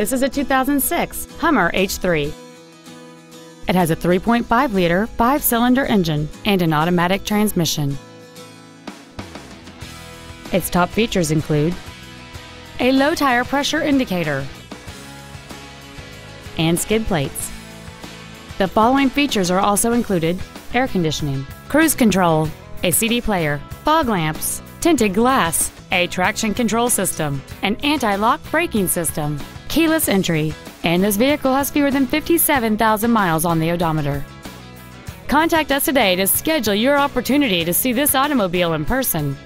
This is a 2006 Hummer H3. It has a 3.5 liter, five cylinder engine and an automatic transmission. Its top features include a low tire pressure indicator and skid plates. The following features are also included air conditioning, cruise control, a CD player, fog lamps, tinted glass, a traction control system, an anti-lock braking system, keyless entry, and this vehicle has fewer than 57,000 miles on the odometer. Contact us today to schedule your opportunity to see this automobile in person.